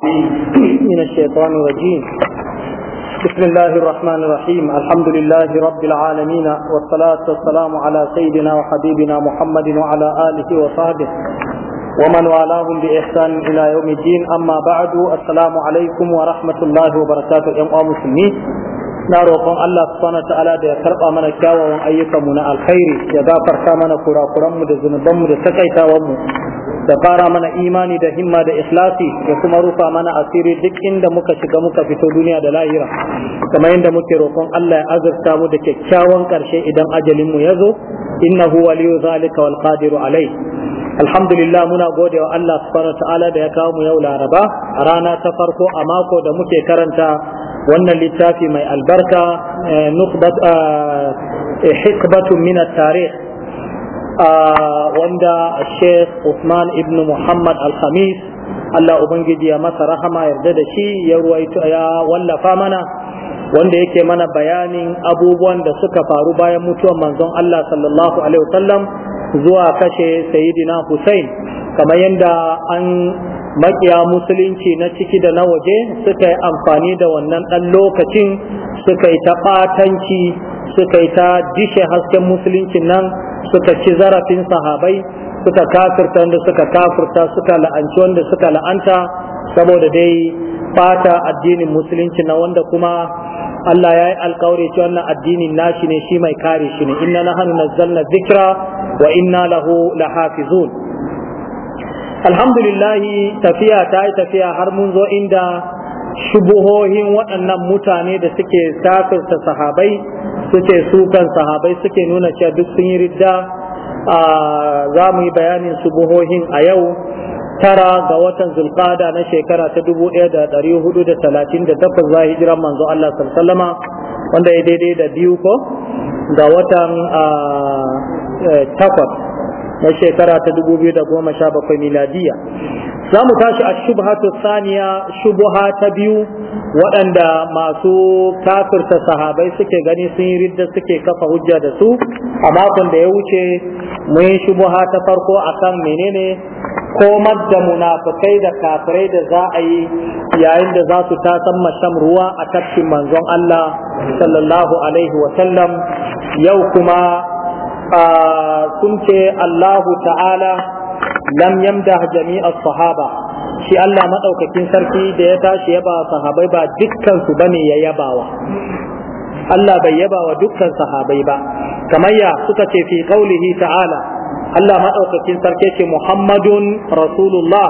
من الشيطان الرجيم بسم الله الرحمن الرحيم الحمد لله رب العالمين والصلاة والسلام على سيدنا وحبيبنا محمد وعلى آله وصحبه ومن والاهم بإحسان إلى يوم الدين أما بعد السلام عليكم ورحمة الله وبركاته يا مسلمين na roƙon Allah subhanahu ta'ala da ya karɓa mana kyawawan من الخير alkhairi ya gafarta mana kurakuranmu da zunubanmu سكيتا takaitawanmu da fara mana imani da himma da ikhlasi da kuma rufa mana asiri duk inda muka shiga muka fito duniya da lahira kamar yadda muke roƙon Allah ya azurta mu da kyakkyawan ƙarshe idan ajalin mu ya zo innahu waliyu zalika wal qadiru alai alhamdulillah muna gode wa Allah subhanahu ta'ala da ya kawo mu yau laraba a rana ta farko a mako da muke karanta wannan littafi mai albarka eh, nuqbat eh, eh, hikbatun min at-tarikh Uh, wanda Sheikh Usman ibn Muhammad Al-Khamis Allah Ubangiji ya masa rahama yarda da shi ya ruwaito ya wallafa mana wanda yake mana bayanin abubuwan da suka faru bayan mutuwar manzon Allah sallallahu alaihi wasallam zuwa kashe Sayyidina Hussein kamar yadda an makiya musulunci na ciki da na waje suka yi amfani da wannan ɗan lokacin suka yi ta ɓatanci suka yi ta dishe hasken musulunci nan suka ci zarafin sahabai suka kafirta wanda suka kafirta suka la'anci wanda suka la'anta saboda dai fata addinin musulunci na wanda kuma Allah ya yi alkawari ce wannan addinin nashi ne shi mai kare shi ne inna nahnu nazzalna dhikra wa inna lahu lahafizun Alhamdulillahi tafiya ta yi tafiya har mun zo inda shubuhohin waɗannan mutane da suke kafirta sahabai suke sukan sahabai suke nuna cewa duk sun yi ridda za mu yi bayanin shubuhohin a yau tara ga watan zulqada na shekara ta 1438 za a jiran manzo Allah sallama wanda ya daidai da biyu ko ga watan eh, takwas na shekara ta 2017 miladiya za mu tashi a shubhatu saniya shubuha ta biyu waɗanda masu kafirta sahabai suke gani sun yi ridda suke kafa hujja da su a makon da ya wuce mun yi shubuha ta farko akan menene komar da munafukai da kafirai da za a yi yayin da za su tasan masham ruwa a tafkin manzon Allah sallallahu alaihi wa sallam yau kuma sun ce Allahu ta'ala lam yamda jami'a sahaba shi Allah maɗaukakin sarki da ya tashi yaba sahabai ba dukkansu ba ne ya yabawa Allah bai yabawa dukkan sahabai ba kamar ya suka ce fi ta'ala Allah maɗaukakin sarki ce Muhammadun Rasulullah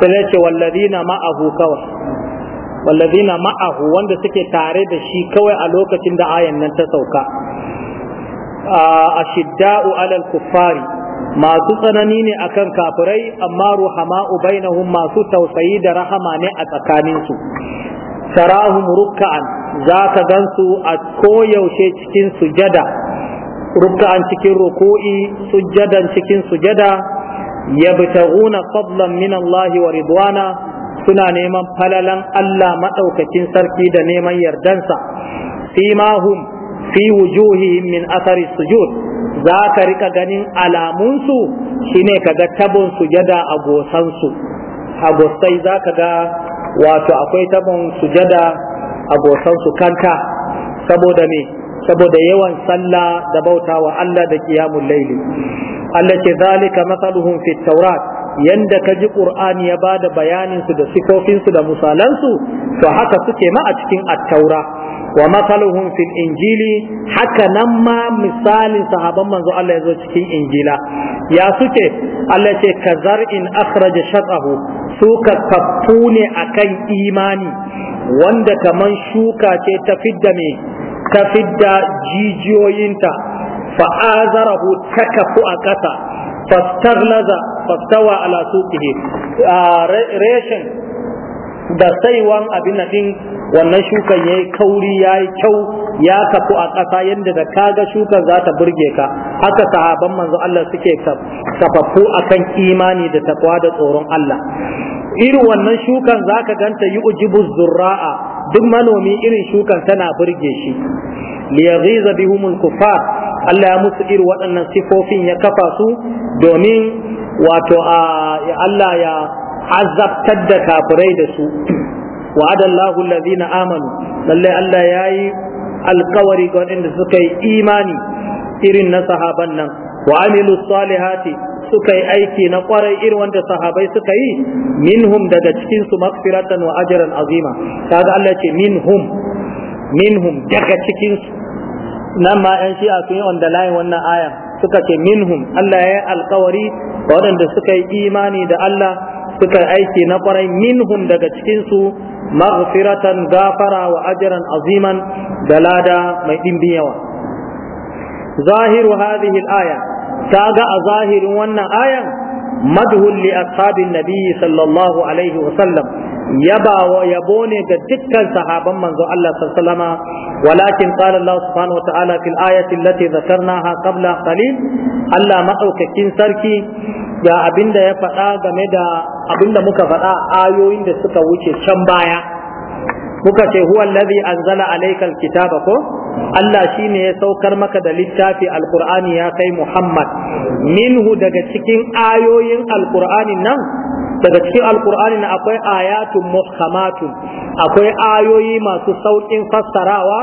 sai ce wallazina ma'ahu kawai wallazina ma'ahu wanda suke tare da shi kawai a lokacin da ayan nan ta sauka ashidda'u alal kuffari masu tsanani ne akan kafirai amma ruhama'u bainahum masu tausayi da rahama ne a tsakaninsu tarahum rukka'an za ka gansu a koyaushe cikin sujada rukka'an cikin ruku'i sujadan cikin sujada yabtaguna fadlan min Allah wa ridwana suna neman falalan Allah madaukakin sarki da neman yardansa simahum fi wujuhihim min athari sujud za ka rika ganin alamunsu shine kaga tabon sujada a gosansu a gosai za ka ga wato akwai tabon sujada a gosansu kanka saboda me saboda yawan sallah da bauta wa Allah da qiyamul layli Allah ce zalika mathaluhum fi tawrat yanda ka ji qur'ani ya bada bayanin su da sifofin su da misalan su to haka suke ma a cikin at taurat wa masaluhum fil injili haka nan ma misalin sahaban manzo Allah yazo cikin Ingila? ya suke Allah ce ka zar'in akhraja shatahu su ka kaffu ne akan imani wanda kamar shuka ce ta fidda me ta fidda jijiyoyinta fa azarahu takafu a kasa fastaghlaza fastawa ala suqihi reshen da saiwan abin nan din wannan shukan yayi kauri yayi kyau ya kafu a ƙasa yadda da kaga shukan za ta burge ka haka sahaban manzo Allah suke kafaffu akan imani da takwa da tsoron Allah irin wannan shukan zaka ganta yi ujibu zurra'a duk manomi irin shukan tana burge shi liyaghiza bihumul kufar Allah ya musu irin waɗannan sifofin ya kafa su domin wato a Allah ya azabtar da kafirai da su wa'adallahu alladhina amanu Lallai Allah yayi alkawari ga waɗanda suka yi imani irin na sahaban nan wa amilu salihati suka yi aiki na kwarai irin wanda sahabai suka yi minhum daga cikinsu su maghfiratan wa ajran azima kaga Allah ce minhum minhum daga cikin nan ma yan shi'a sun yi on the line wannan aya suka ce minhum Allah ya yi alkawari ga waɗanda suka yi imani da Allah suka aiki na kwarai minhum daga cikinsu maghfiratan gafara wa ajiran aziman da lada mai ɗimbin yawa zahiru hadhihi al-aya ta ga a zahirin wannan ayan madhul li ashabin sallallahu alaihi wa sallam yabawa yabo ne ga dukkan sahaban manzo Allah sallama walakin qala Allah subhanahu wataala fil ayati allati dhakarnaha qabla qalil Allah madaukakin sarki ga abinda ya faɗa game da abinda muka faɗa ayoyin da suka wuce can baya muka ce huwa allazi anzala alaykal kitaba ko Allah shine ya saukar maka da littafi alqur'ani ya kai Muhammad minhu daga cikin ayoyin alqur'anin nan daga cikin alkur'ani na akwai ayatun muhkamatun akwai ayoyi masu sauƙin fassarawa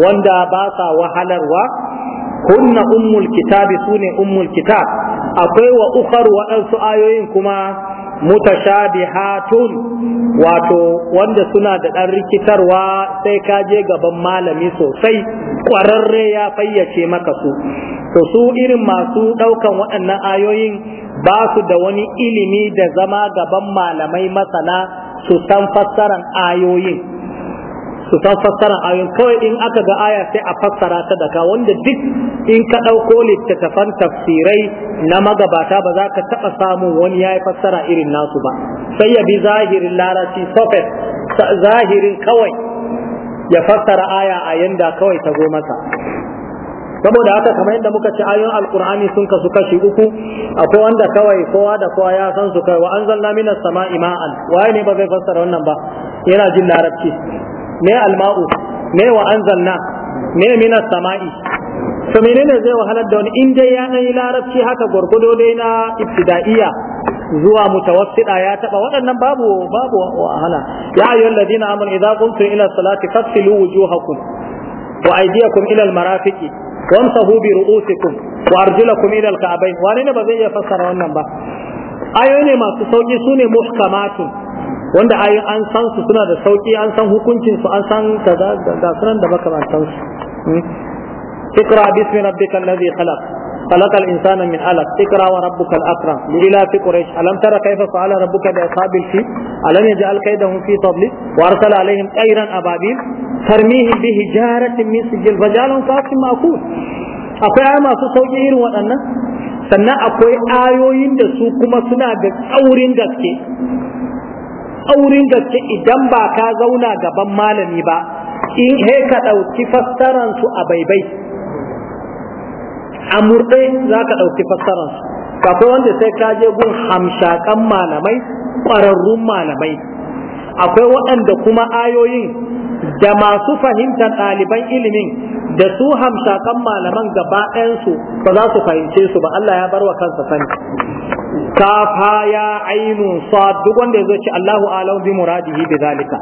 wanda ba sa wahalarwa kunna ummul kitabi sune ummul kitab akwai wa ukhar waɗansu ayoyin kuma mutashabihatun wato wanda suna da ɗan rikitarwa sai ka je gaban malami sosai ƙwararre ya fayyace maka su to su irin masu ɗaukan waɗannan ayoyin ba su da wani ilimi da zama gaban malamai masana su san fassaran ayoyin su san fassara ayoyin kawai in aka ga aya sai a fassara ta daga wanda duk in ka ɗauko littattafan tafsirai na magabata ba za ka taɓa samun wani ya yi fassara irin nasu ba sai ya bi zahirin larabci sofet zahirin kawai ya fassara aya a yanda kawai ta zo masa saboda haka kamar yadda muka ci ayoyin alkur'ani sun kasu kashi uku akwai wanda kawai kowa da kowa ya san su kai wa anzalna minas sama'i ma'an waye ne ba zai fassara wannan ba yana jin larabci me alma'u me wa anzalna me mina sama'i to menene zai wahalar da wani in dai ya dai larabci haka gurgudo dai na ibtida'iyya zuwa mutawassida ya taba waɗannan babu babu wahala ya ayyuhal ladina amanu idza qumtum ila salati faghsilu wujuhakum wa aydiyakum ila almarafiqi wamsahu bi ru'usikum wa arjulakum ila alka'bayn wani ne ba zai iya fassara wannan ba ayoyi ne masu sauki sune muhkamatun wanda ai an san su suna da sauki an san hukuncin su an san kaza da sunan da makamantan su اقرا باسم ربك الذي خلق خلق الانسان من علق اقرا وربك الاكرم لإلاف قريش الم ترى كيف فعل ربك باصحاب الفيل الم يجعل كيدهم في تضليل وارسل عليهم طيرا ابابيل ترميهم بحجاره من سجيل فجعلهم كعصف ماكول akwai aya masu sauƙi irin waɗannan sannan akwai ayoyin da su kuma suna da tsaurin gaske aurin gaske idan ba ka zauna gaban malami ba in he ka ɗauki fassaransu a baibai a murɗe za ka ɗauki fassaransu kafin wanda sai ka je gun hamshakan malamai ƙwararrun malamai akwai waɗanda kuma ayoyin da masu fahimtar ɗaliban ilimin da su hamshakan malaman gaba ɗayansu ba za su fahimce su ba Allah ya bar wa kansa sani kafa ya ainun sad duk wanda ya zo ce Allahu alam bi muradihi bi zalika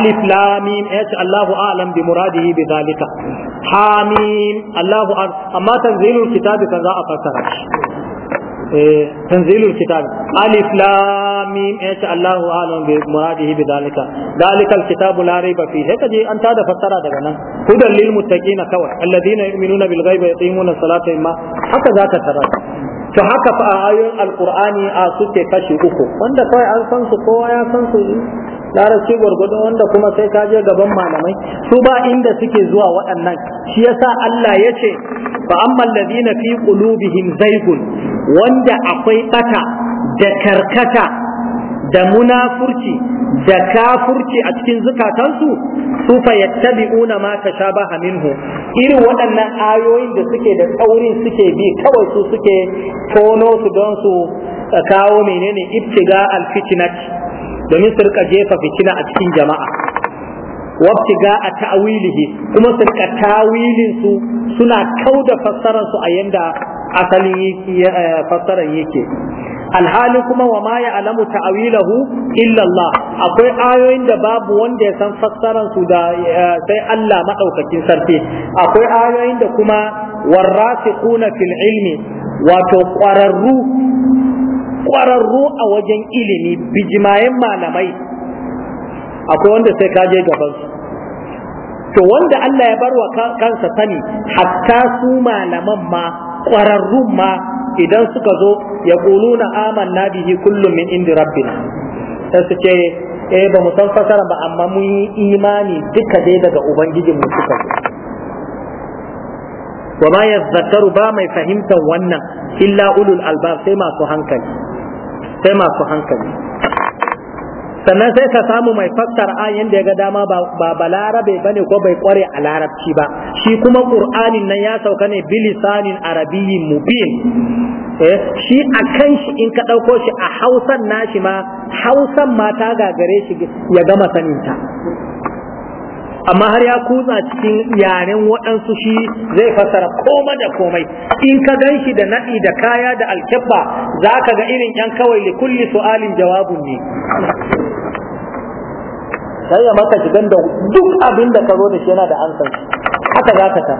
alif lam mim ya ce Allahu alam bi muradihi bi zalika ha mim Allahu amma tanzilul kitabi kan za a fassara shi eh tanzilul kitabi alif lam mim ya ce Allahu alam bi muradihi bi zalika zalikal kitabu la raiba fihi sai je an ta da fassara daga nan hudan lil muttaqina kawai alladhina yu'minuna bil ghaibi yaqimuna salata imma haka za zaka tarar to haka fa a ayoyin alkur'ani a suke kashi uku wanda kawai an san su kowa ya san su larabci gwargwado wanda kuma sai ka je gaban malamai su ba inda suke zuwa waɗannan shi yasa Allah ya ce fa amman na fi qulubihim zaygun wanda akwai ɓata da karkata da munafurci da kafurci a cikin zukatansu su fa yattabi'una ma tashabaha minhu irin waɗannan ayoyin da suke da tsaurin suke bi kawai su suke tono su don su eh, kawo menene ibtiga alfitnat domin su rika jefa fitina a cikin jama'a wabtiga a ta'awilihi kuma su rika tawilin su suna kauda fassarar su a yanda asalin eh, fassarar yake alhali kuma wa ma ya'lamu ta'wilahu illa Allah akwai ayoyin da babu wanda ya san fassaran su da eh, sai Allah madaukakin sarki akwai ayoyin da kuma warasiquna fil ilmi wato ƙwararru a wajen ilimi bijimayen malamai akwai wanda sai kaje gaban su to wanda Allah ya barwa kansa sani hatta su malaman ma ƙwararrun ma idan suka zo ya na aman bihi kullum min indi rabbina sai su ce eh ba mu san fasara ba amma mun yi imani duka dai daga ubangijin mu suka zo wa ma yazzakaru ba mai fahimtar wannan illa ulul albab sai masu hankali sai masu hankali sannan sai ka samu mai fassar ayan da ya ga dama ba balarabe ba ne ko bai kware a larabci ba shi kuma ƙur'anin nan ya sauka ne bilisanin arabiyyin mubin eh, shi a kan shi in ka ɗauko shi a hausan nashi ma hausan ma ta gagare shi ya gama saninta amma har ya kutsa cikin yaren waɗansu shi zai fasara koma da komai in ka gan shi da naɗi da kaya da alkyabba za ka ga irin yan kawai li kulli su'alin jawabun ne sai ya maka shigan da duk abin da ka zo da shi yana da ansa haka za ka ta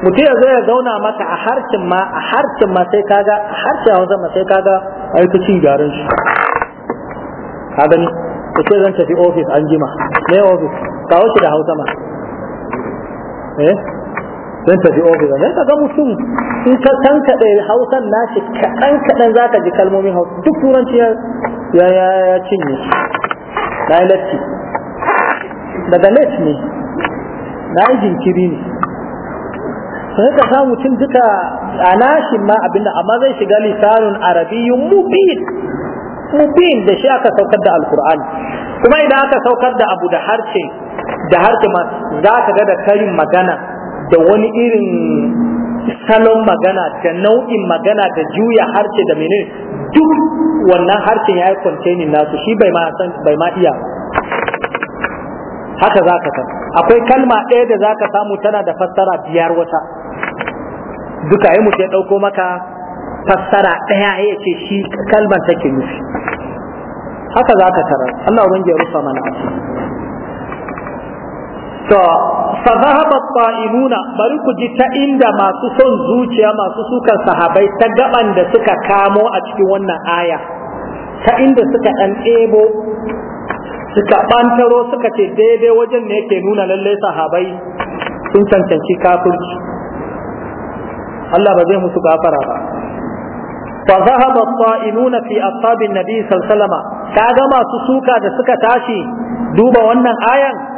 mutum ya zo ya zauna maka a harcin ma a harcin ma sai kaga a harcin hausa ma sai kaga aikacin gyaran shi ka gani ka ce zan tafi ofis an jima me ofis kawo shi da hausa ma eh don tafi ofis ne ka ga mutum in ka tankaɗe hausan nashi kaɗan kaɗan za ka ji kalmomin hausa duk turanci ya ya ya cinye na yi latti daga late ne na yi jinkiri ne sai ka samu mutum duka a nashi ma abinda amma zai shiga lisanun arabiyyun mubin mubin da shi aka saukar da alkur'ani kuma idan aka saukar da abu da harshe da harshe ma za ka ga da karin magana da wani irin salon magana da nau'in magana da juya harshe da menene duk wannan harshen ya yi containing nasu shi bai ma san bai ma iya haka za ka san akwai kalma ɗaya da za ka samu tana da fassara biyar wata duka yi mutu ya ɗauko maka fassara ɗaya ya ce shi kalmar take nufi haka za ka tara Allah ubangiji ya rufa mana a to fa zahaba ta'imuna bari ku ji ta inda masu son zuciya masu sukan sahabai ta gaban da suka kamo a cikin wannan aya ta inda suka dan ɗebo suka bantaro suka ce daidai wajen ne yake nuna lallai sahabai sun cancanci kafirci Allah ba zai musu gafara ba fa zahaba ta'imuna fi ashabin nabi sallallahu alaihi wasallam kaga masu suka da suka tashi duba wannan ayan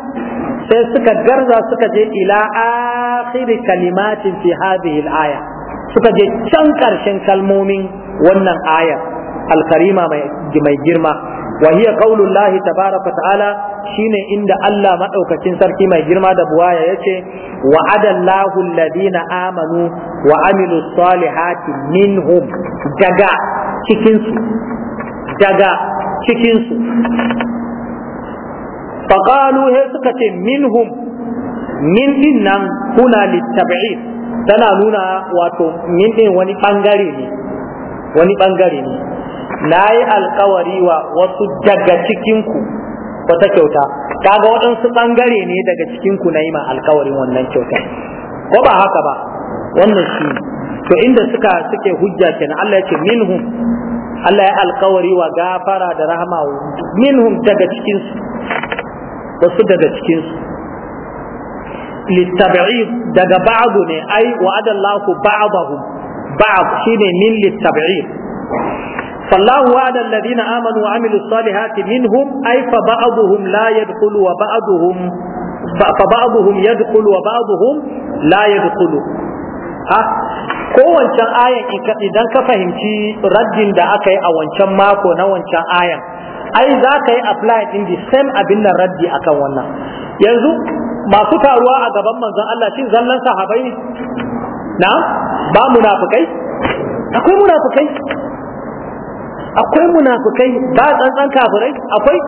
sai suka garza suka je ila akhiri kalimatin fi hadhihi al-aya suka je can karshen kalmomin wannan ayar al-karima mai girma wa hiya qaulul lahi tabaraka ta'ala shine inda Allah madaukakin sarki mai girma da buwaya yace wa adallahu alladhina amanu wa amilus salihati minhum daga cikin su daga cikin su faƙalu he suka ce minhum min din nan kuna littabi'in tana nuna wato min din wani ɓangare ne wani ɓangare ne na yi wa wasu daga cikinku wata kyauta kaga waɗansu ɓangare ne daga cikinku na yi ma alkawarin wannan kyauta ko ba haka ba wannan shi to inda suka suke hujja kenan Allah ya ce minhum Allah ya alkawari wa gafara da rahama minhum daga cikinsu wasu daga cikinsu littabi'id daga ba'adu ne ai wa'adallahu ba'adahu ba'ad shine min littabi'id فالله وعد الذين آمنوا وعملوا الصالحات منهم أي فبعضهم لا يدخل وبعضهم فبعضهم يدخل وبعضهم لا يدخل ها ayan idan ka fahimci raddin da aka yi a wancan mako na wancan ayan ai za ka yi apply in the same abin nan raddi akan wannan yanzu masu taruwa a gaban manzon Allah shin zallan sahabai na ba munafikai akwai munafikai akwai munafikai ba tsantsan kafirai akwai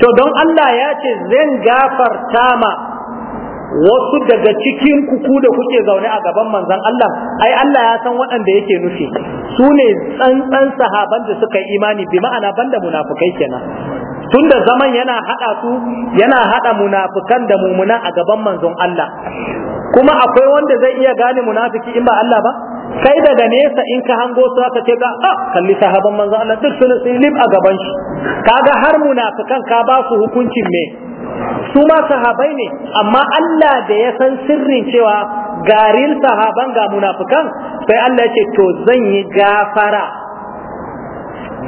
to don Allah ya ce zan gafarta ma wasu daga cikin kuku da kuke zaune a gaban manzan Allah ai Allah ya san waɗanda yake nufi su ne tsantsan sahaban da suka yi imani bi ma'ana banda munafukai kenan tunda zaman yana hada su yana hada munafukan da mumuna a gaban manzon Allah kuma akwai wanda zai iya gane munafiki in ba Allah ba kai daga nesa in ka hango su aka ce ga ah kalli sahaban manzon Allah duk sun lim a gaban shi kaga har munafukan ka ba su hukuncin me su ma sahabai ne amma Allah da ya san sirrin cewa garin sahaban ga munafukan sai Allah ya ce to zan yi gafara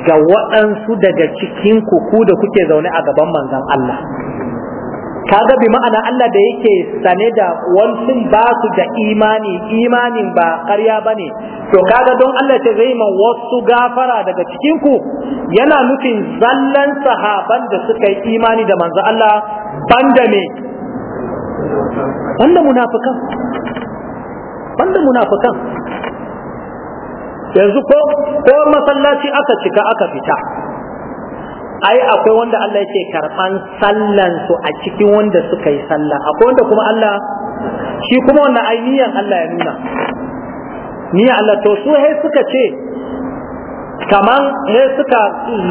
ga waɗansu daga cikin ku da kuke zaune a gaban manzon Allah kaga bi ma'ana Allah da yake sane da wasu ba su da imani imanin ba ƙarya ba ne to kaga don Allah ta zai ma wasu gafara daga cikinku yana nufin zallan sahaban da suka yi imani da manzo Allah banda me banda munafikan banda munafikan yanzu ko ko masallaci aka cika aka fita ai akwai wanda Allah yake karban sallan su a cikin wanda suka yi sallah akwai wanda kuma Allah shi kuma wannan ai Allah ya nuna niyan Allah to su sai suka ce kaman sai suka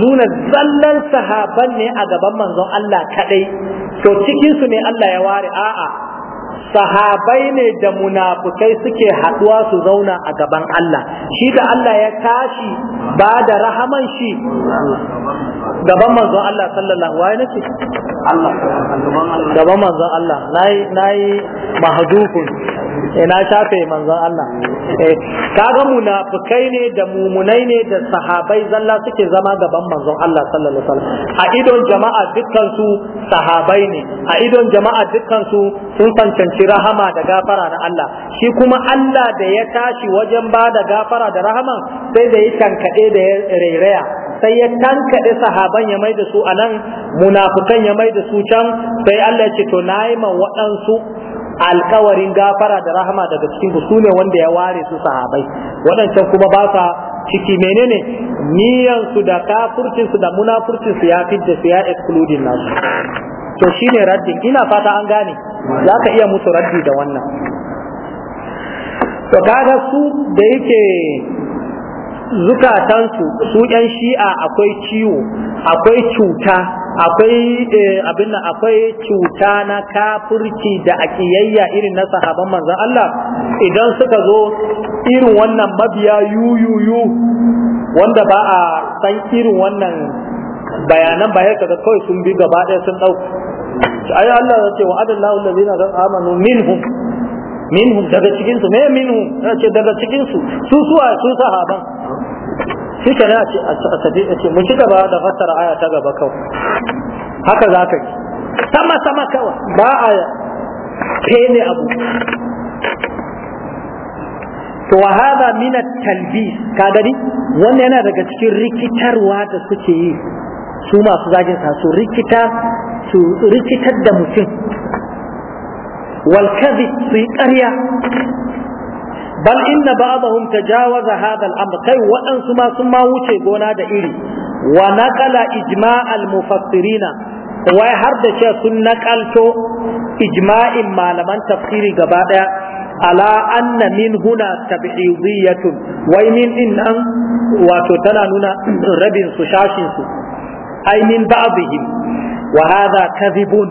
nuna zallan sahaban ne a gaban manzon Allah kadai to cikin su ne Allah ya ware a'a sahabai ne da munafukai suke haɗuwa su zauna a gaban Allah shi da Allah ya tashi ba da rahaman shi gaban manzon Allah sallallahu alaihi wasallam gaban manzon Allah na yi mahadufun eh, na shafe manzon Allah eh, kaga munafukai ne da mumunai ne da sahabai zalla suke zama gaban manzon Allah sallallahu alaihi wasallam a idon jama'a dukkan su sahabai ne a idon jama'a dukkan su sun tantance rahama da gafara na Allah shi kuma Allah da ya tashi wajen ba da gafara da rahama sai da ya tankade da ya rairaya sai ya tankaɗe sahaban ya mai da su a nan munafukan ya mai da su can sai Allah ya ce to na yi man waɗansu alkawarin gafara da rahama daga cikin su ne wanda ya ware su sahabai waɗancan kuma ba sa ciki menene niyan su da kafurcin su da munafurcin su ya fidda su ya excluding nasu to shine raddin ina fata an gane za ka iya musu raddi da wannan to kaga su da yake zukatansu su yan shi'a akwai ciwo akwai cuta akwai eh, abin akwai cuta na kafirci da akiyayya irin na sahaban manzon Allah idan suka zo irin wannan mabiya yuyuyu wanda ba a san irin wannan bayanan ba da kawai sun bi gaba ɗaya sun ɗauka ayi Allah ya ce wa adallahu allazina amanu minhum minhum daga cikinsu me minhum ya ce daga cikinsu su suwa su sahaban shi ke na a ce mu ci gaba da fasara aya ta gaba kawai haka za ka yi sama sama kawai ba a fene abu to wa hada min at-talbis ka gani wannan yana daga cikin rikitarwa da suke yi su masu zagin sa su rikita su rikitar da mutum wal kadhib su ƙarya bal inna ba'dahum tajawaza hadha al-amr kai waɗansu ma sun ma wuce gona da iri wa naqala ijma' al-mufassirina wai har da cewa sun nakalto ijma'in malaman tafsiri gaba daya ala anna min huna tab'idiyatun wai min din nan wato tana nuna rabin su shashin su ai min ba'dihim wa hadha kadhibun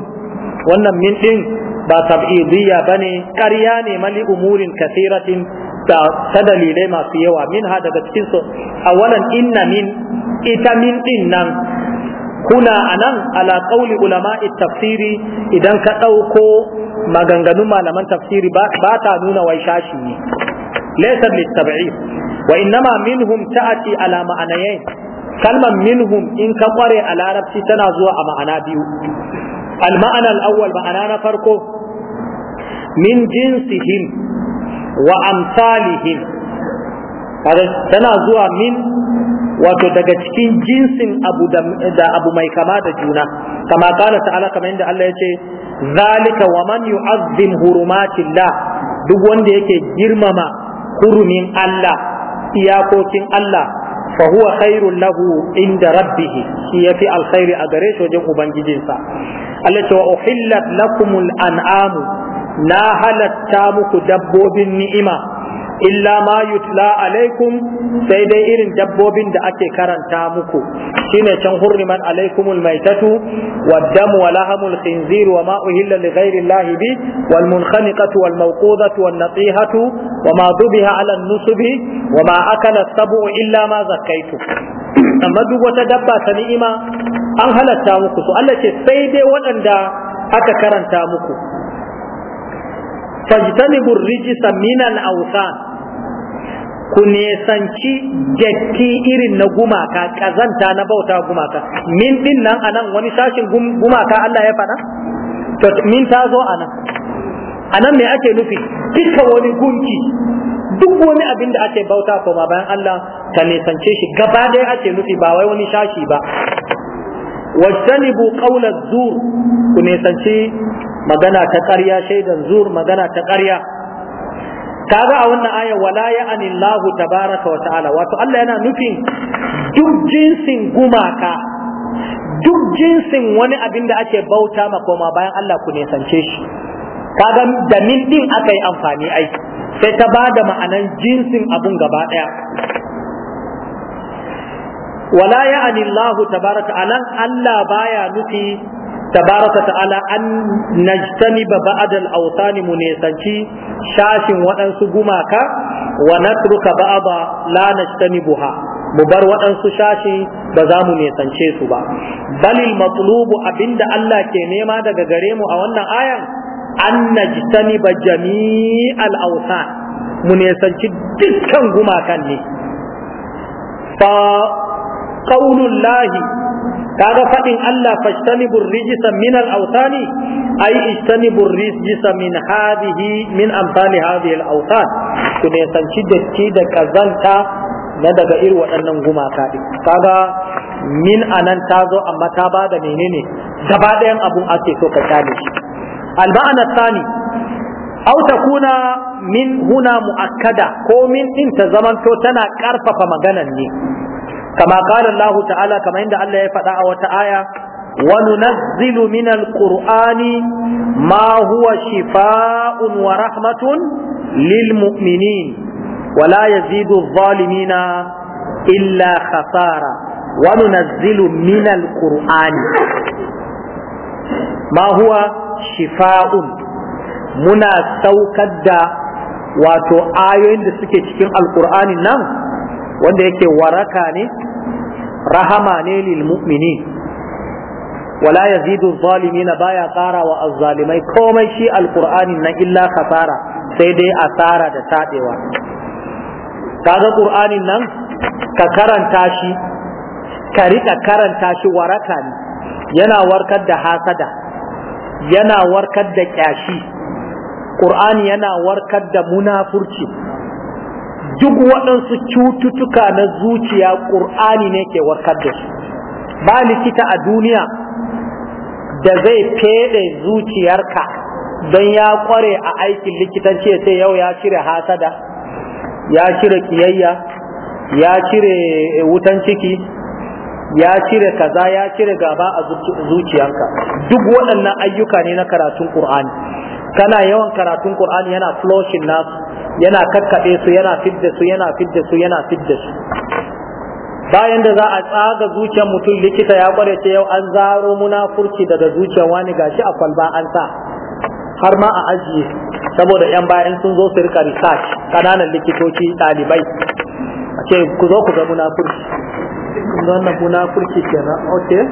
wannan min din ba tab'idiyya bane ƙarya ne mali umurin kasiratin da ta dalilai masu yawa min ha daga cikin su awalan inna min ita min din nan kuna anan ala qauli ulama tafsiri idan ka ɗauko maganganun malaman tafsiri ba ta nuna wai shashi ne laysa litab'id wa innama minhum ta'ati ala ma'anayain kalmar minhum in ka kware a larabci tana zuwa a ma'ana biyu al-ma'ana al-awwal ma'ana na farko min jinsihim wa amsalihim tana zuwa min wato daga cikin jinsin abu da abu mai kama da juna kama kala ta'ala kamar yadda Allah ya ce zalika wa man yu'azzim hurumatillah duk wanda yake girmama hurumin Allah iyakokin Allah fa huwa khairul lahu inda rabbih shi yafi alkhairi a gare shi wajen ubangijinsa Allah ce wa uhillat lakumul an'amu na halatta muku dabbobin ni'ima illa ma yutla alaikum sai dai irin dabbobin da ake karanta muku shine can hurriman alaikumul maitatu waddam wa lahamul khinzir wa ma uhilla li ghairi llahi bi wal munkhaniqatu wal mawqudatu wan natihatu wa ma dhubiha ala nusubi wa ma akala sab'u illa ma zakkaytu amma duk wata dabba ta ni'ima an halatta muku to Allah ce sai dai waɗanda aka karanta muku fajtanibu rijisa min al-awthan ku nesanci jatti irin na gumaka kazanta na bauta gumaka min din nan anan wani sashin gumaka Allah ya faɗa to min ta zo anan anan me ake nufi duka wani gunki duk wani abin da ake bauta ko ma bayan Allah ka nesance shi gaba ɗaya ake nufi ba wai wani sashi ba wajtanibu qawla zur ku nesanci magana ta ƙarya shaidan zur magana ta ƙarya kaga a wannan aya wala ya'ani ta tabaraka wa ta'ala wato Allah yana nufin duk jinsin gumaka duk jinsin wani abin da ake bauta ma koma bayan Allah ku nesance shi kaga da min din aka yi amfani ai sai ta ba da ma'anan jinsin abun gaba daya wala ya'ani Allah tabaraka alan Allah baya nufi Ta baraka ta'ala an ba ba'adal al-awtan mu nisanci shashin waɗansu gumaka wa natruka ba'da la najtanibuha mu bar waɗansu shashi ba za mu nisance su ba balil matlubu abinda Allah ke nema daga gare mu a wannan ayan an ba jami'al awtan mu nisanci dukkan gumakan ne fa qaulullahi kaga fadin Allah fajtanibur rijsa min al-awthani ay ijtanibur rijsa min hadhihi min amsali hadhihi al-awthan ku ne sanci datti da kazanta na daga irin waɗannan gumaka din kaga min anan ta zo amma ta bada menene gaba ɗayan abun ake so ka kyale shi al-ma'ana tsani aw takuna min huna muakkada ko min din ta zamanto tana ƙarfafa maganan ne kama qala Allah ta'ala kama inda Allah ya faɗa a wata aya wa nunazzilu minal qur'ani ma huwa shifaa'un wa rahmatun lil mu'minin wa yazidu adh-dhalimina illa khasara wa nunazzilu minal qur'ani ma huwa shifa'un muna saukar da wato ayoyin da suke cikin alqur'ani nan wanda yake waraka ne rahama ne lil mu'mini wala yazidu zalimina baya ƙara wa azzalimai komai shi alqur'ani na illa kasara, sai dai asara da tadewa kaga qur'anin nan ka karanta shi ka rika karanta shi waraka ne yana warkar da hasada yana warkar da kyashi qur'ani yana warkar da munafurci duk waɗansu cututtuka na zuciya ƙur'ani ne ke warkar da su ba likita a duniya da zai fede zuciyarka don ya ƙware a aikin likitanci sai yau ya cire hasada ya cire kiyayya ya cire wutan ciki ya cire kaza ya cire gaba a zuciyarka duk waɗannan ayyuka ne na karatun ƙur'ani kana yawan karatun qur'ani yana flushing nasu yana kakkaɓe su yana fidda su yana fidda su yana fidda su bayan da za a tsaga zuciyar mutum likita ya kware ce yau an zaro munafurci daga zuciyar wani gashi a kwalba an sa har ma a ajiye saboda yan bayan sun zo su rika research kananan likitoci ɗalibai a ce ku zo ku ga munafurci wannan munafurci kenan okay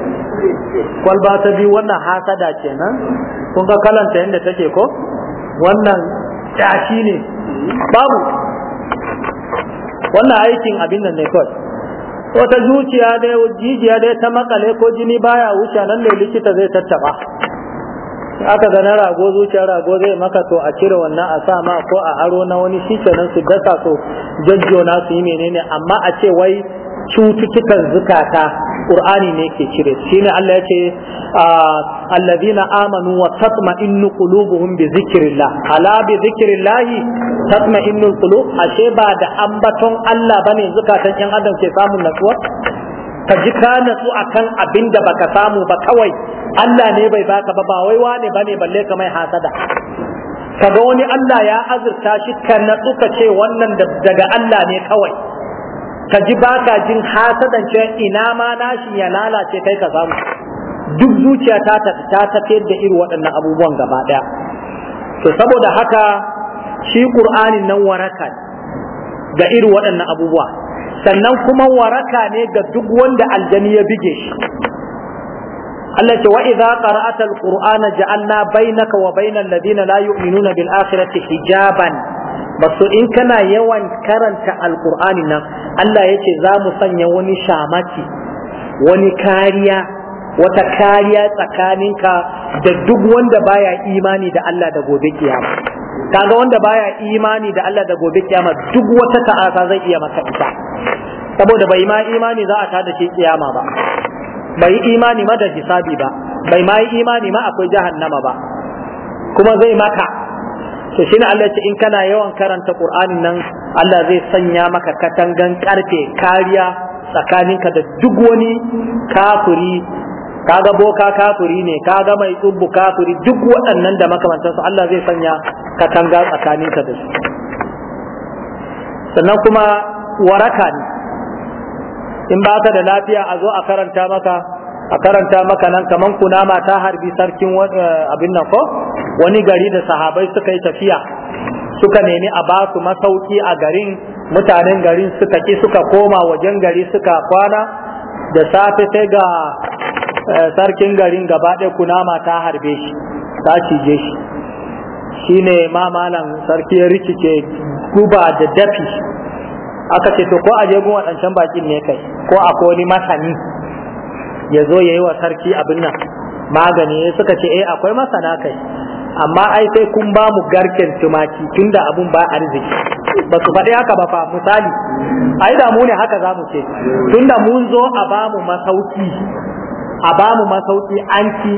kwalba ta bi wannan hasada kenan kun ga kalanta yadda take ko wannan tashi ne babu wannan aikin abin nan ne kawai wata zuciya dai jijiya dai ta makale ko jini baya wuce nan ne likita zai tattaba aka zana rago zuciya rago zai maka to a cire wannan a sa ma ko a aro na wani shi kenan su dasa su jajjona su yi menene amma a ce wai cututtukan zukata qur'ani ne ke cire shine Allah ya ce ah, alladhina amanu wa tatma'innu qulubuhum bi zikrillah ala bi zikrillah tatma'innul qulub ashe ba da ambaton Allah bane zukatan yan adam ke samun natsuwa ka ji ka natsu akan abin da baka samu ba kawai Allah ne bai baka ba ba wai wane bane balle ka mai hasada kaga wani Allah ya azurta shi ka natsu ka ce wannan daga Allah ne kawai ka ji baka jin hasadan ce ina ma nashi ya lalace kai ka samu duk zuciya ta ta tafiyar da irin waɗannan abubuwan gaba ɗaya to saboda haka shi qur'anin nan waraka ga irin waɗannan abubuwa sannan kuma waraka ne ga duk wanda aljani ya bige shi Allah ce wa idza qara'ata alqur'ana ja'alna bainaka wa bainal ladina la yu'minuna bil akhirati hijaban ba su in kana yawan karanta alkur'ani nan Allah ya ce za mu sanya wani shamaki wani kariya wata kariya tsakaninka da duk wanda baya imani da Allah da gobe kiyama kaga wanda baya imani da Allah da gobe kiyama duk wata ta'asa zai iya masa ita saboda bai ma imani za a da shi kiyama ba bai imani ma da hisabi ba bai ma imani ma akwai jahannama ba kuma zai maka to shi Allah ce in kana yawan karanta Qur'ani nan Allah zai sanya maka katangan karfe kariya tsakaninka da duk wani kafiri kaga boka kafiri ne kaga mai tsubbu kafiri duk waɗannan da su Allah zai sanya katanga tsakaninka da su sannan kuma waraka ne in ba ka da lafiya a zo a karanta maka a karanta maka nan kaman kunama ta harbi sarkin eh, abin nan ko wani gari da sahabai suka yi tafiya suka nemi a basu masauki a garin mutanen garin suka ki suka koma wajen gari suka kwana da safe sai ga eh, sarkin garin gaba ɗaya kunama ta harbe shi ta cije shi shine ma mamalan sarki ya rikice guba da dafi aka ce to ko a je gun waɗancan bakin ne kai ko akwai wani masani ya zo ya yi wa sarki abin nan magani suka ce eh akwai masana kai amma ai sai kun ba mu garken tumaki tunda abun ba arziki ba su faɗi haka ba fa misali ai da mu ne haka za mu ce tunda mun zo a ba mu masauki a ba mu masauki an ci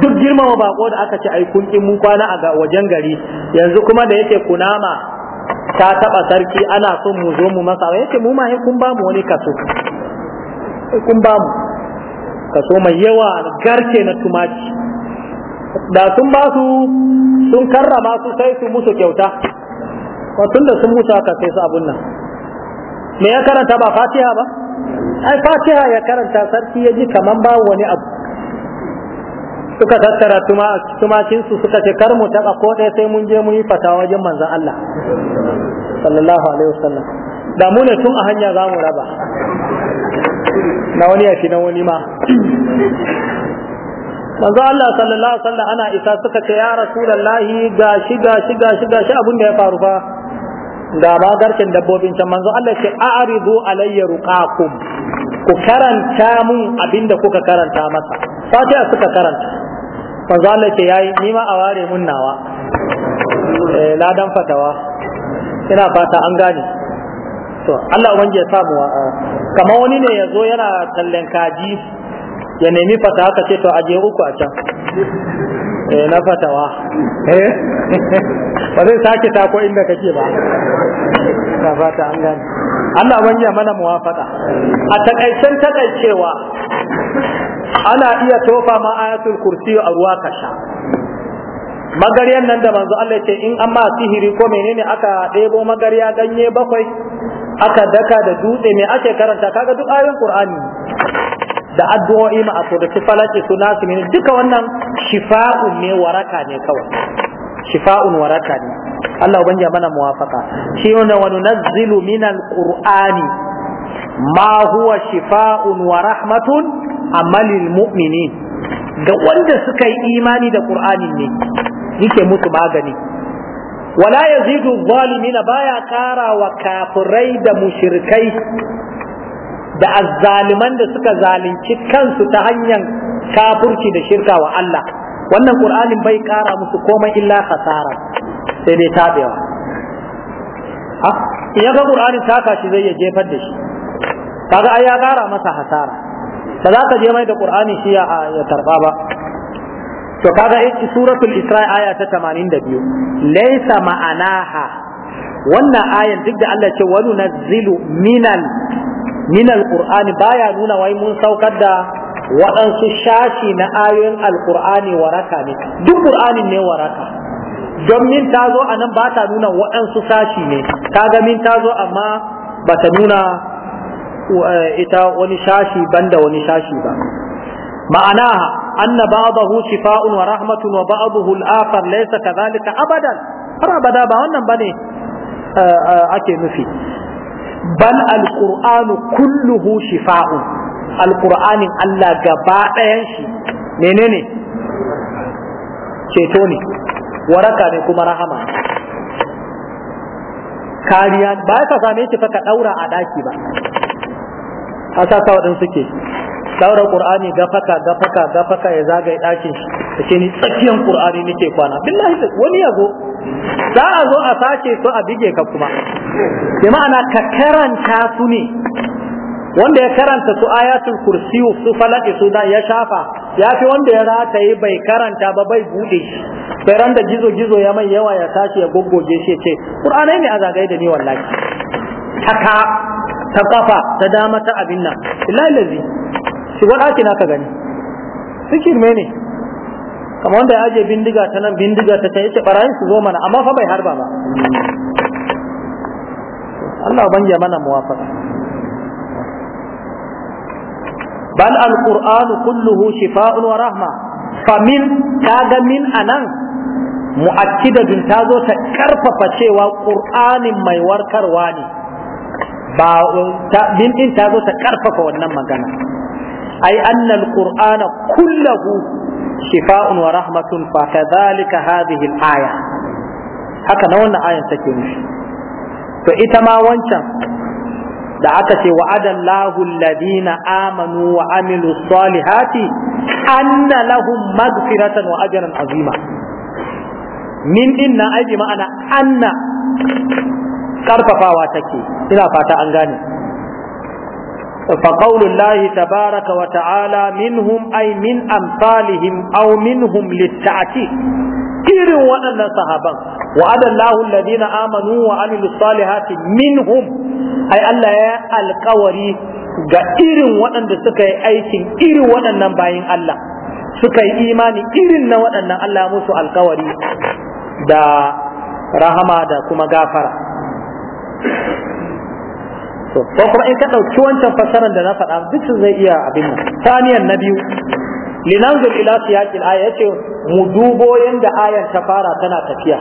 duk girmama bako da aka ce ai kun ki mun kwana a wajen gari yanzu kuma da yake kunama ta taba sarki ana son mu zo mu masa yake mu ma kun ba mu wani kaso sai kun ba mu kaso mai yawa garke na tumaci da sun ba su sun karrama su sai su musu kyauta tun da sun musu haka sai su abun nan me ya karanta ba fatiha ba ai fatiha ya karanta sarki ya ji kaman ba wani abu suka tattara tumacinsu suka ce kar mu taɓa ko ɗaya sai mun je mun yi fata wajen manzan Allah sallallahu alaihi wasallam da mu ne tun a hanya za mu raba na wani ya fi na wani ma manzo Allah sallallahu alaihi wasallam ana isa suka ce ya rasulullahi gashi gashi gashi gashi abun da ya faru fa ga ba garken dabbobin can manzo Allah ce a'ridu alayya ruqakum ku karanta mun abinda kuka karanta masa fatiha suka karanta manzo Allah ce yayi ni ma a ware mun nawa Eh ladan fatawa ina fata an gane to Allah ubangiji ya samu uh, kamar wani ne ya zo yana tallan kaji ya nemi fata haka ce to aje uku a can eh na fatawa eh ba zai sake ta ko inda kake ba ka fata an gani Allah ya mana muwafaka a takaicen takaicewa ana iya tofa ma ayatul kursi a ruwa kasha magariyan nan da manzo Allah ce in an ma sihiri ko menene aka ɗebo magarya ganye bakwai aka daka da dutse me ake karanta kaga duk ayoyin qur'ani da addu'o'i ma ato da ce su nasu ne duka wannan shifa'un ne waraka ne kawai shifa'un waraka ne Allah ubangi ya mana muwafaka shi wa nunazzilu minal qur'ani ma huwa shifa'un wa rahmatun amalil mu'minin ga wanda suka yi imani da qur'anin ne yake musu magani wala yazidu zalimina baya kara wa kafirai da mushrikai da azzaliman da suka zalunci kansu ta hanyar kafurci da shirka wa Allah wannan qur'anin bai kara musu komai illa khasara sai dai tabewa ha idan ga qur'anin taka shi zai jefar da shi kaga ya kara masa hasara ba za ka je mai da qur'ani shi ya karba ba to kaga ita suratul isra aya ta 82 laysa ma'anaha wannan ayan duk da Allah ya ce wa nunazzilu minal minal qur'ani baya nuna wai mun saukar da waɗansu shashi na ayoyin alƙur'ani waraka ne duk ƙur'ani ne waraka don min ta zo a nan ba ta nuna waɗansu sashi ne ta gamin ta zo amma ba ta nuna eh, ita wani shashi banda wani shashi ba معناها أن بعضه شفاء ورحمة وبعضه الآخر ليس كذلك أبدا أبدا بأن بني أكي نفي بل القرآن كله شفاء القرآن ألا جباء ينشي منين شيتوني وركا نكما رحمة kariya ba ka same shi fa ka daura a daki ba haka sa waɗansu suke daura qur'ani gafaka gafaka gafaka ya zagaye dakin shi yace ni tsakiyan qur'ani nake kwana billahi wani yazo za a zo a sace su a bige ka kuma Ya ma'ana ka karanta su ne wanda ya karanta su ayatul kursi su falaki su da ya shafa ya fi wanda ya rataye bai karanta ba bai bude shi bai randa gizo gizo ya mai yawa ya tashi ya goggoge shi ce qur'ani ne a zagaye da ni wallahi haka ta kafa ta dama ta abin nan shiga ɗaki na ka gani sikir mene kamar wanda ya aje bindiga ta nan bindiga ta ta yace barayin su zo mana amma fa bai harba ba Allah ban ya mana muwafaqa bal alquran kulluhu shifaa'un wa rahma famin kaga min anan mu'akkida ta zo ta karfafa cewa qur'anin mai warkarwa ne ba ta din ta zo ta karfafa wannan magana ai annal qur'ana kullahu shifa'un wa rahmatun fa kadhalika hadhihi al-aya haka na wannan ayan take nufi to ita ma wancan da aka ce wa'adan lahu alladhina amanu wa Aminu salihati anna lahum maghfiratan wa ajran azima min inna aji ma'ana anna karfafawa take ina fata an gane فقول الله تبارك وتعالى منهم أي من أمثالهم أو منهم للتعتيق كثير وأن صحابا وعد الله الذين آمنوا وعملوا الصالحات منهم أي ألا يا القوري ga irin waɗanda suka yi aikin irin waɗannan bayin Allah suka yi imani irin na waɗannan Allah musu alkawari da rahama da kuma gafara to ko kuma in ka dauki wancan fasaran da na faɗa duk zai iya abin saniyan na biyu linanzur ila siyaqil aya yace mu dubo yanda ayar ta fara tana tafiya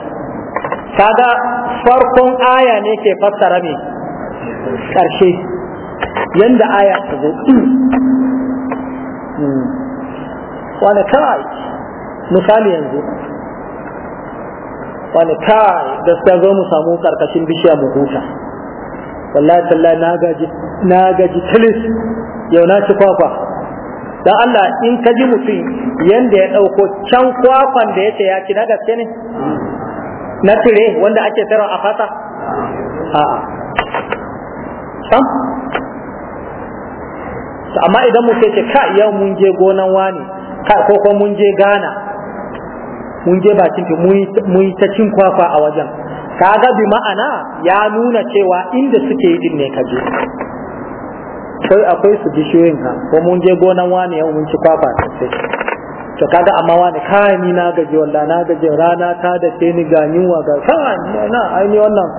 kaga farkon aya ne ke fassara me karshe yanda aya ta zo hmm. wani kai misali yanzu wani kai da zo mu samu karkashin bishiya mu huta wallahi tallahi na gaji na gaji tilis yau na ci kwakwa dan Allah in ka ji mutum yanda ya dauko can kwakwan da yace ya ci na gaske ne na tire wanda ake tsara a fata a'a amma idan mu ce ka yau mun je gonan wani ka ko mun je Ghana mun je bakin mun yi ta cin kwakwa a wajen kaga bi ma'ana ya nuna cewa inda suke yi din ne ka je sai akwai su bishiyoyin ka ko mun je gonan wani yau mun ci kwakwa sai to kaga amma wani kai ni na gaje walla na gaje rana ta da ke ni ga yunwa ga kai na ai ni wannan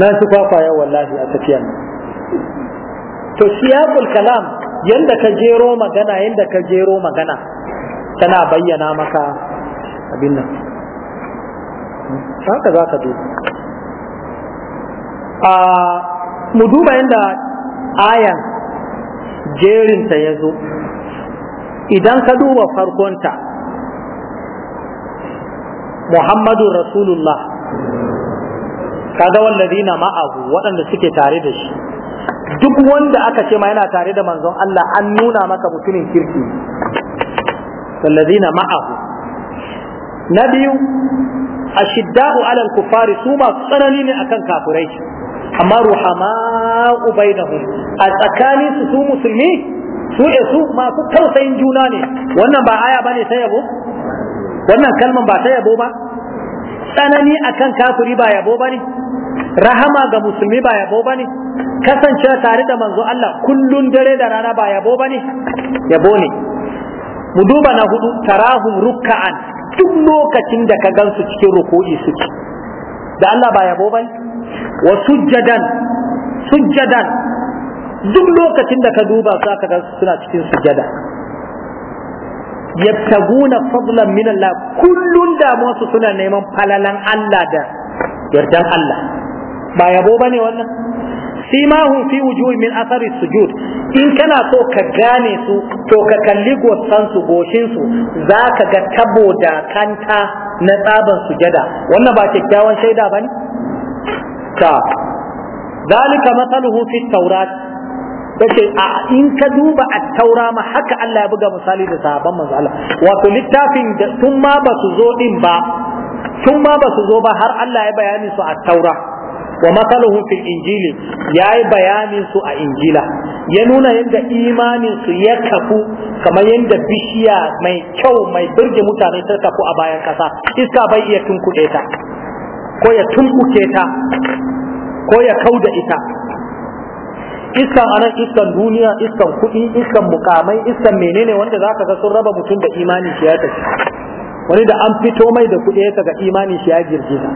na ci kwakwa yau wallahi a tafiyan to siyabul kalam yanda ka jero magana yanda ka jero magana tana bayyana maka abin nan haka za ka duba a mu duba yadda ayan jerinta ya zo idan ka duba farkonta muhammadu rasulullah kaga wallazina ma'ahu waɗanda suke tare da shi duk wanda aka ce ma yana tare da manzon Allah an nuna maka mutumin kirki wallazina ma'ahu na biyu ashidda'u alal kufari su masu tsanani ne akan kafirai amma ruhama'u bainahum a tsakanin su su musulmi su e su masu tausayin juna ne wannan ba aya bane ta yabo wannan kalman ba ta yabo ba tsanani akan kafiri ba yabo bane rahama ga musulmi ba yabo bane Kasance tare da manzo Allah kullun dare da rana ba yabo bane yabo ne mu duba na hudu tarahum rukka'an duk lokacin da ka gansu cikin ruku'i suke da Allah ba yabo bai wa sujjadan sujjadan duk lokacin da ka duba za ka gansu suna cikin sujjada yabtaguna fadlan min Allah kullun da su suna neman falalan Allah da yardan Allah ba yabo bane wannan simahum fi wujuhi min athari sujud in kana so ka gane su to ka kalli gossansu goshinsu za ka ga tabo da kanta na tsaban su sujada wannan ba kyakkyawan shaida ba ne? ta zalika matsaluhu fi taurat yace a in ka duba a taura ma haka Allah ya buga misali da sahabban manzo Allah wato littafin da tun ma ba su zo din ba tun ma ba su zo ba har Allah ya bayani su a taura wa masaluhum fil injili yayi bayanin su a injila ya nuna yadda imani su ya kafu kamar yadda bishiya mai kyau mai birge mutane ta kafu a bayan kasa iska bai iya tunkuɗe ta ko ya tunkuke ta ko ya kauda ita iskan anan iskan duniya iskan kuɗi iskan mukamai iskan menene wanda za ka ga sun raba mutum da imani shi ya tafi wani da an fito mai da kuɗi ya ga imani shi ya girgiza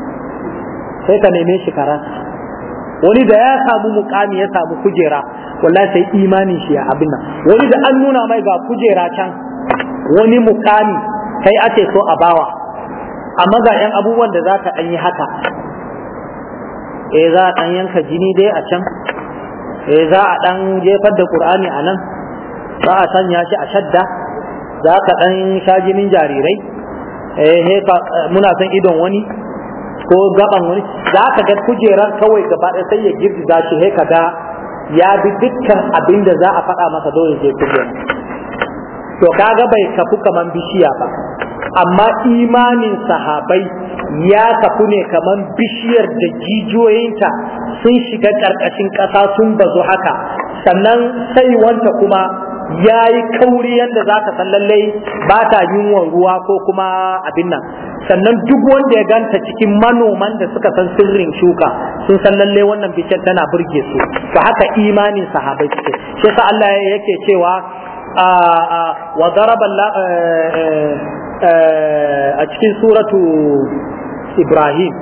sai ka neme shi kara wani da ya samu mukami ya samu kujera wallahi sai imanin shi ya abin nan wani da an nuna mai ga kujera can wani mukami sai ake so a bawa amma ga yan abubuwan da za ka ɗan yi haka eh za a ɗan yanka jini dai a can eh za a ɗan jefar da ƙur'ani a nan za a sanya shi a shadda za ka ɗan sha jinin jarirai eh muna san idon wani ko gaban wani za ka ga kujerar kawai gaba ɗaya sai ya girgiza shi he kaga ya bi dukkan abin da za a faɗa masa dole je kujerar to kaga bai kafu kaman bishiya ba amma imanin sahabai ya kafu ne kaman bishiyar da jijiyoyinta sun shiga ƙarƙashin ƙasa sun bazu haka sannan sai wanta kuma ya yi kauri yadda za ka san lallai ba ta yunwan ruwa ko kuma abin nan sannan duk wanda ya ganta cikin manoman da suka san sirrin shuka sun san lalle wannan bishiyar tana burge su to haka imanin sahabai suke shi sa Allah yake cewa wa daraba eh, eh, eh, a cikin suratu Ibrahim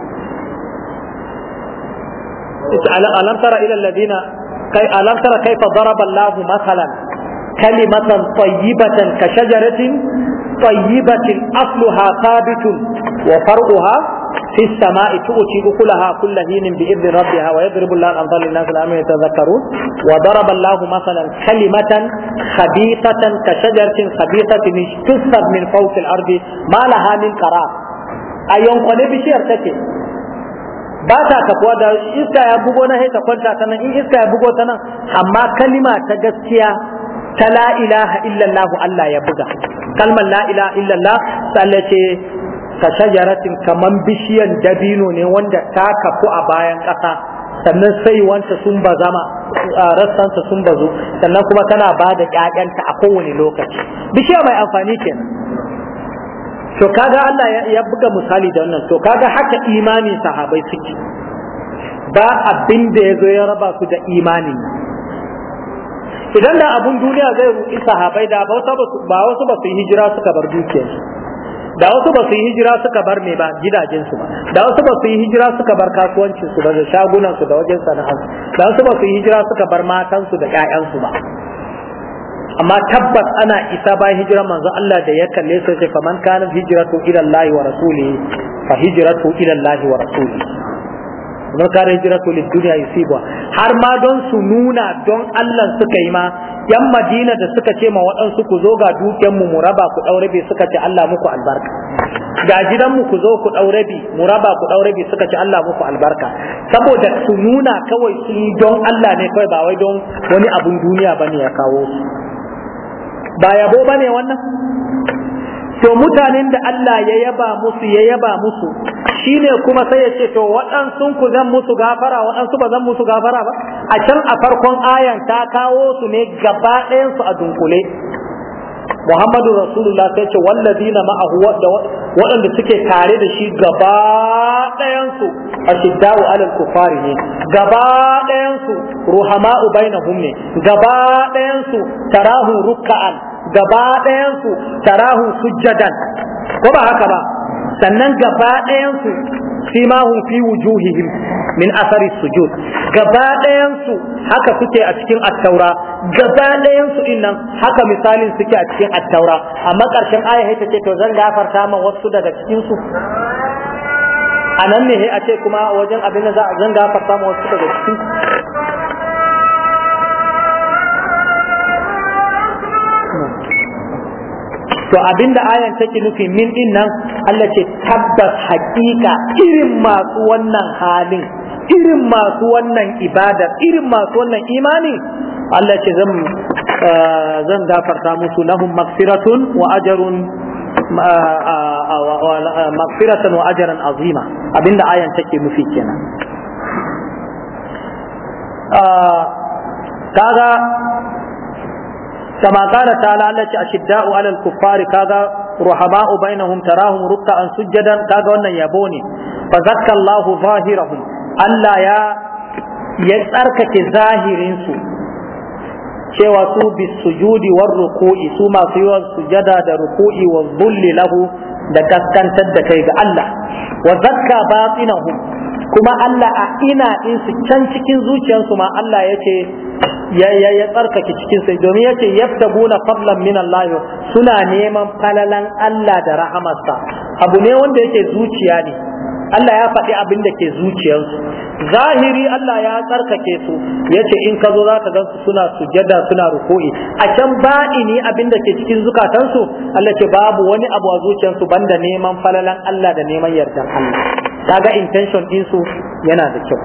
alam tara ila alladhina kai alam tara kaifa daraba Allahu masalan kalimatan tayyibatan ka shajaratin طيبة أصلها ثابت وفرعها في السماء تؤتي أكلها كل حين بإذن ربها ويضرب الله الأمثال للناس لعلهم يتذكرون وضرب الله مثلا كلمة خبيثة كشجرة خبيثة اجتثت من فوق الأرض ما لها من قرار أيون قلب شير تكي ba ta kafuwa da iska ya bugo na ta kwanta ta nan in iska ya bugo ta nan amma kalima ta gaskiya ta la ilaha illallah Allah ya buga kalmar la ila illallah sai ce ka shajaratin kaman bishiyan dabino ne wanda ta kafu a bayan ƙasa sannan sai wanta sun bazama rassansa sun bazu sannan kuma tana ba da ƙyaƙyanta a kowane lokaci bishiya mai amfani ke? to kaga Allah ya buga misali da wannan to kaga haka imani sahabai suke ba abin da ya zo ya raba su da imanin idan da abun duniya zai ruɗi sahabai da ba wasu ba su yi hijira suka bar dukiyarsu da wasu ba su yi hijira suka bar me ba gidajensu ba da wasu ba su yi hijira suka bar kasuwancinsu da shagunansu da wajen sana'ar da wasu ba su yi hijira suka bar matansu da ƴaƴansu ba amma tabbas ana isa bayan hijirar manzo Allah da ya kalle su ce faman kana hijratu ila Allah wa rasulihi fa hijratu ila Allah wa rasulihi kamar kare hijira ko duniya yusiba har ma don su nuna don Allah suka yi ma yan Madina da suka ce ma waɗansu ku zo ga duken mu raba ku daure bi suka ce Allah muku albarka ga gidan mu ku zo ku daure bi mu raba ku daure bi suka ce Allah muku albarka saboda su nuna kawai su don Allah ne kawai ba wai don wani abun duniya bane ya kawo su ba yabo bane wannan to mutanen da Allah ya yaba musu ya yaba musu shine kuma sai ya ce to waɗansu ku zan musu gafara waɗansu ba zan musu gafara ba a can a farkon ayan ta kawo su ne gaba su a dunkule Muhammadu Rasulullah sai ce wallazina ma'ahu waɗanda suke tare da shi gaba su a shiddawu alal kufari ne gaba su ruhama'u bainahum ne gaba su tarahu rukka'an gaba ɗayansu tarahu sujjadan ko ba haka ba sannan gaba ɗayansu simahun fi wujuhihim min asari sujud gaba ɗayansu haka suke a cikin attaura gaba ɗayansu innan haka misalin suke a cikin attaura amma ƙarshen aya ta ce to zan gafarta ma wasu daga cikinsu a nan ne a ce kuma wajen abin da zan gafarta ma wasu daga cikinsu to abinda ayan take nufi min din nan Allah ce tabbas hakika irin masu wannan halin irin masu wannan ibada irin masu wannan imani Allah ce zan eh, zan gafarta musu lahum magfiratun wa ajrun magfiratan wa ajran azima abinda ayan take nufi kenan eh, kaga كما قال تعالى الله أشداء على الكفار كذا رحماء بينهم تراهم ركعا سجدا كذا أن يبوني فزكى الله ظاهرهم ألا يا يسأرك ظاهر سوء cewa su bi sujudi war ruku'i su masu yawan sujada da ruku'i wa zulli lahu da kaskantar da kai ga Allah wa zakka batinahum kuma Allah a ina in su can cikin zuciyarsu ma Allah ya ce ya ya tsarkake cikin sai domin ya ce na fadlan min Allah suna neman falalan Allah da rahamarsa abu ne wanda yake zuciya ne Allah ya faɗi abin da ke zuciyarsu zahiri Allah ya tsarkake su yace in ka zo za ka gansu suna sujada suna ruku'i a can baɗini abin da ke cikin zukatansu Allah ce babu wani abu a zuciyarsu banda neman falalan Allah da neman yardan Allah kaga intention din su yana da kyau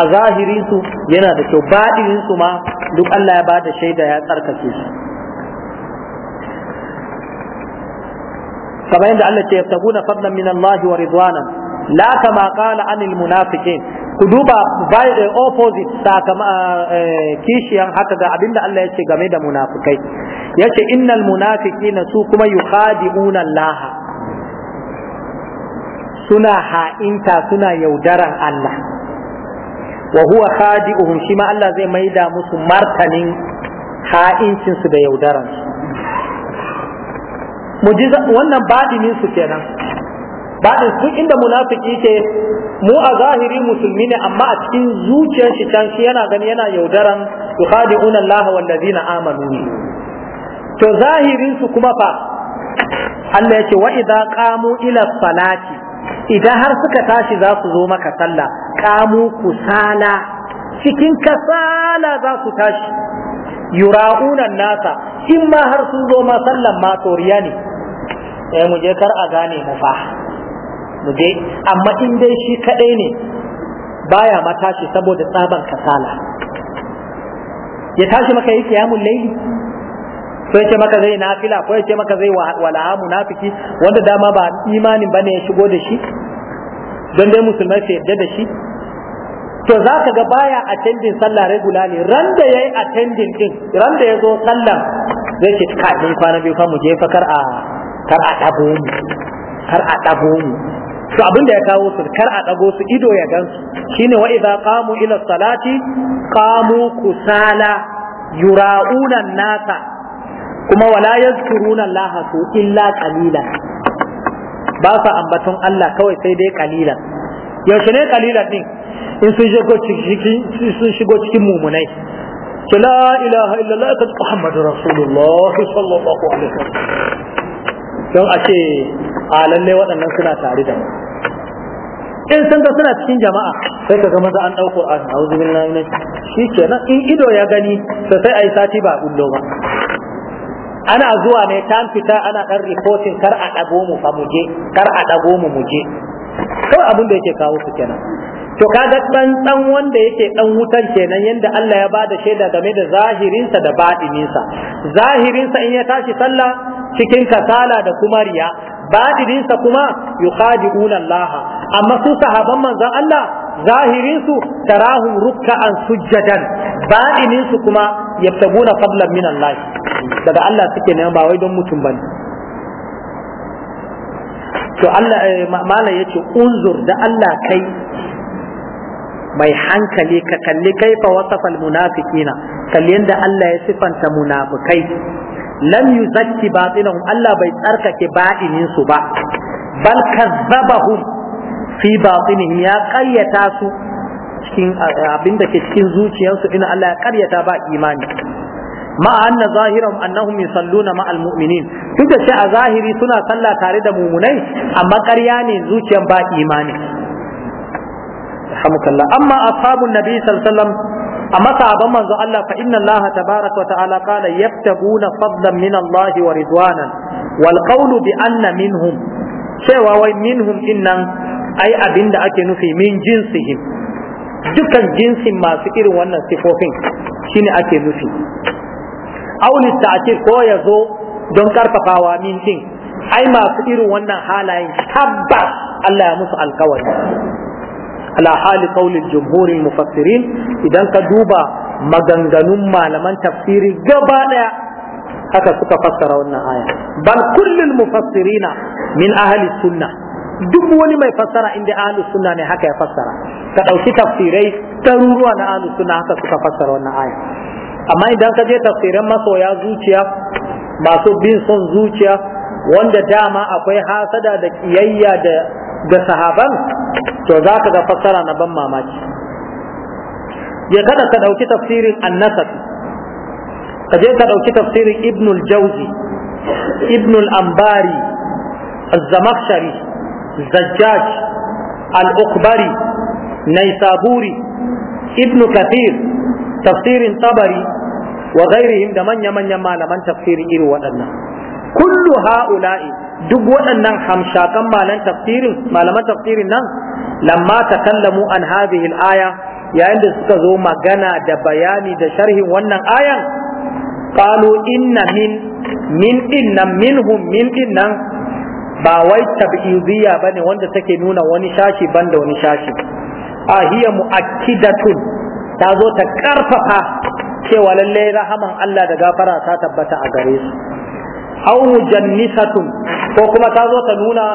a zahirin su yana da kyau baɗinin su ma duk Allah ya bada shaida ya tsarkake su kamar yadda Allah ce yabtaguna fadlan min Allah wa ridwanan la kama qala anil munafiqin ku duba by the opposite sakama eh, eh, kishiyan haka ga abinda Allah ya ce game da munafikai yace innal munafiqina su kuma yukhadi'una Allah suna ha'inta suna yaudaran Allah wa huwa khadi'uhum shi ma Allah zai maida musu martanin ha'incin su da yaudaran su wannan badinin su kenan baɗin su inda munafiki ce mu a zahiri musulmi ne amma a cikin zuciyar shi can shi yana gani yana yaudaran yukhadi'una Allah wal ladina amanu to zahirin su kuma fa Allah ce wa idza qamu ila salati idan har suka tashi za su zo maka sallah qamu kusala cikin kasala za su tashi yura'una nasa in ma har sun zo ma sallan ma toriya ne eh mu je kar a gane mu fa mu je amma in dai shi kadai ne baya ma tashi saboda tsaban kasala ya tashi maka yi kiyamul laili ko ya ce maka zai nafila ko ya ce maka zai walaha munafiki wanda dama ba imanin bane ya shigo da shi don dai musulmai su yarda da shi to za ka ga baya a attending sallah regularly ran da yayi attending din ran da ya zo sallah zai ce ka kwana biyu fa mu je fa kar a kar a dabo mu kar a dabo mu su abin da ya kawo su kar a dago su ido ya gansu shine wa idza qamu ila salati qamu kusala yura'una nasa kuma wala yazkuruna Allah su illa qalila ba sa ambaton Allah kawai sai dai qalila yaushe ne qalila din in sun shigo cikin sun shigo cikin mumunai ce la ilaha illallah ta Muhammadu sallallahu alaihi wasallam don a ce a lalle waɗannan suna tare da mu in san ga suna cikin jama'a sai ka maza an ɗau Qur'ani a'udhu billahi minash shi kenan in ido ya gani sai sai ai sati ba bullo ba ana zuwa ne tan fita ana dan reporting kar a dago mu fa muje kar a dago mu muje kawai abin da yake kawo su kenan to kaga dan dan wanda yake dan wutan kenan yanda Allah ya bada shaida game da zahirinsa da batininsa zahirinsa in ya tashi sallah cikin kasala da kuma riya batininsa kuma yuqadiuna Allah amma su sahaban manzon Allah zahirin su tarahum ruk'an sujjadan batinin su kuma yabtaguna fadlan min Allah daga Allah suke ne ba wai don mutum bane to Allah eh, mala yace unzur da Allah kai mai hankali ka kalli kaifa wasafa almunafiqina kalli yanda Allah ya sifanta munafikai lam yuzakki batinahum Allah bai tsarkake batinin su ba bal kazzabahum fi batinihim ya qayyata su cikin abin da ke cikin zuciyarsu in Allah ya qayyata ba imani ma anna zahirahum annahum yusalluna ma almu'minin duk a zahiri suna sallah tare da mumunai amma ƙarya ne zuciyar ba imani amma ashabun nabi sallallahu alaihi wasallam amma sahabban manzo Allah fa inna Allah tabaaraka wa ta'ala qala yabtaguna fadlan min Allah wa ridwanan wal qawlu bi anna minhum cewa wai minhum ɗinnan. ai abin da ake nufi min jinsihim dukan jinsin masu irin wannan sifofin shine ake nufi auli ta'til ko ya zo don karfafawa min din ai masu irin wannan halayen tabbas Allah ya musu alkawari ala hali qaulil jumhurin mufassirin idan ka duba maganganun malaman tafsiri gaba daya haka suka fassara wannan aya bal kullul mufassirina min ahli sunnah duk wani mai fassara inda ahlu sunna ne haka ya fassara ka dauki tafsirai taruruwa na ahlu sunna haka suka fassara wannan aya amma idan ka je tafsiran masoya zuciya masu bin son zuciya wanda dama akwai hasada da kiyayya da da sahaban to za ka ga fassara na ban mamaki je kada ka dauki tafsirin annasab ka je ka dauki tafsirin ibnul jauzi ibnul ambari az-zamakhshari zajjaj al-ukbari naisaburi ibn kathir tafsirin tabari wa da manya-manyan malaman tafsirin irin waɗannan kullu ha'ula'i duk waɗannan hamshakan malan tafsirin malaman tafsirin nan lamma takallamu an hadhihi al-aya yayin da suka zo magana da bayani da sharhin wannan ayan qalu inna min min inna minhum min innan ba wai tab'iziya bane wanda take nuna wani shashi banda wani shashi a hiya mu'akkidatun ta zo ta karfafa cewa lalle rahaman Allah da gafara ta tabbata a gare su aw mujannisatun ko kuma ta zo ta nuna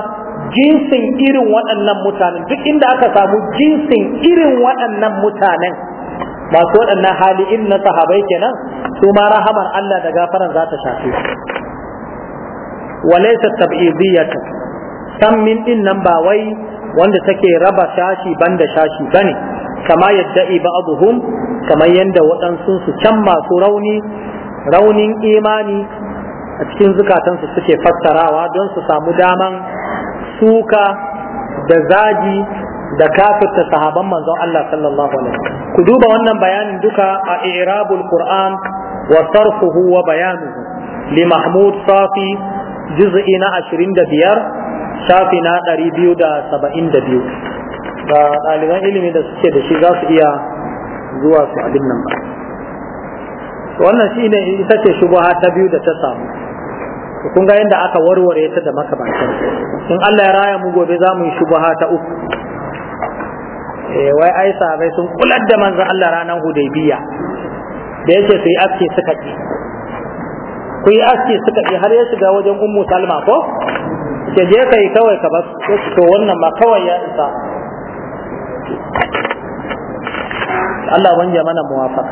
jinsin irin waɗannan mutanen duk inda aka samu jinsin irin waɗannan mutanen masu waɗannan hali in na sahabai kenan su ma rahaman Allah da gafaran za ta shafe su walaysa tab'idiyatu sammin din nan ba wai wanda take raba shashi banda shashi bane kama yadda'i ba'dhum kamar yadda waɗansu su can masu rauni raunin imani a cikin zukatansu suke fassarawa don su samu daman suka da zagi da kafirta sahaban manzon Allah sallallahu alaihi ku duba wannan bayanin duka a i'rabul qur'an wa sarfuhu wa bayanuhu li mahmud safi juz'i na ashirin da biyar shafi na ɗari biyu da saba'in da biyu ga ɗaliban ilimi da suke da shi za su iya zuwa su abin nan ba wannan shi ne ita ce shubuha ta biyu da ta samu kun ga yadda aka warware ta da maka bakin. in Allah ya raya mu gobe za mu yi shubuha ta uku eh, wai ai sabai sun kular da manzon Allah ranar hudaybiya da yake su yi aski suka ce ku yi aski suka yi har ya shiga wajen ummu salma ko ke je kai kawai ka ba to wannan ma kawai ya isa Allah ban mana muwafaq